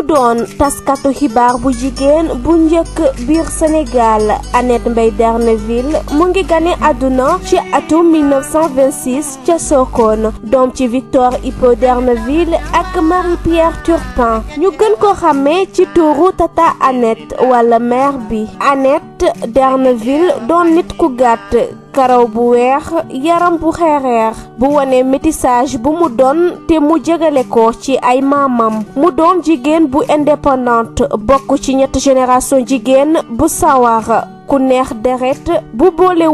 mu doon taskatu xibaar bu jigéen bu njëkk biir Sénégal Annette Mbaye Darneville mu ngi gane àdduna ci atum 1926 ca Sokone doom ci Victor Hippo Darneville ak Marie-Pierre Turpin ñu gën ko xamee ci tuuru tata Annette wala mère bi Annette Darneville doon nit ku gàtt karaw bu weex yaram bu xeexeex bu wone métissage bu mu doon te mu jëgale ko ci ay maamam mu doon jigéen bu indépendante bokk ci ñetti génération jigéen bu sawar ku neex deret bu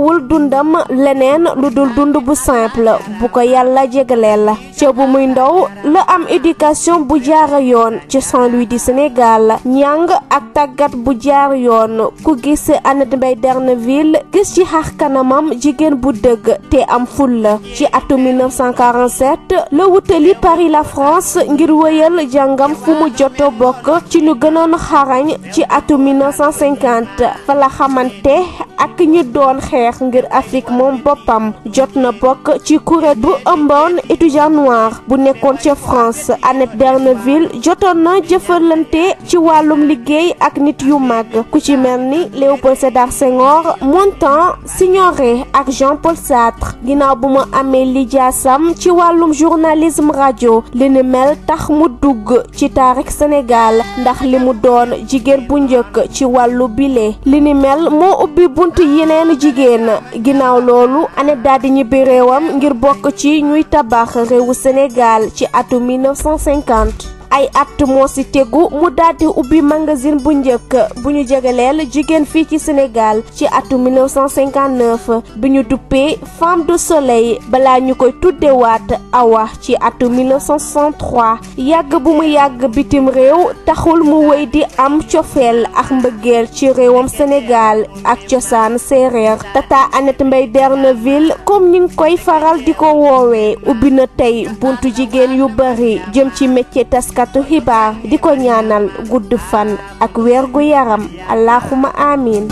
wul dundam leneen lu dul dund bu simple bu ko yàlla jégaleel la ca bu muy ndaw la am éducation bu je yoon ci Saint-Louis du Sénégal njàng ak tàggat bu jaar yoon ku gis Annette Mbaye Derneville gis ci xar kanamam jigéen bu dëgg te am foule, ci atum 1947 la wutali Paris la France ngir wéyal jàngam fu mu joto bokk ci ñu gënoon xarañ ci atum 1950 fa la manter ak ñi doon xeex ngir Afrique moom boppam jot na bokk ci kuréel bu ëmboon noir bu nekkoon France Annette Derneville jotoon na jëfalante ci wàllum liggéey ak nit yu mag ku ci mel Léopold Sédar Senghor Montan signoré ak Jean-Paul Sartre ginnaaw bu mu amee ci wàllum journalisme radio li ni mel tax dugg ci Sénégal ndax li mu doon jigéen bu ci bile li mel ubbi bunt yeneen jigéen ginnaaw loolu Annette daal di ñibbi réewam ngir bokk ci ñuy tabax réewu Sénégal ci atum 1950. ay at moo si tegu mu daldi ubbi magasin bu njëkk bu ñu jegaleel jigéen fii ci Sénégal ci atu 1959 bi ñu duppee Femme de Soleil balaa ñu koy tuddewaat Awa ci atu 1963 yàgg bu mu yàgg bitim réew taxul mu wéy di am cofeel ak mbëggeel ci réewam Sénégal ak cosaan séeréer Tata Annette Mbaye Derneville comme ñu koy faral di ko woowee ubbi na tey buntu jigéen yu bari jëm ci métier taskat taskatu xibaar di ko ñaanal gudd fan ak weer gu yaram allahuma amiin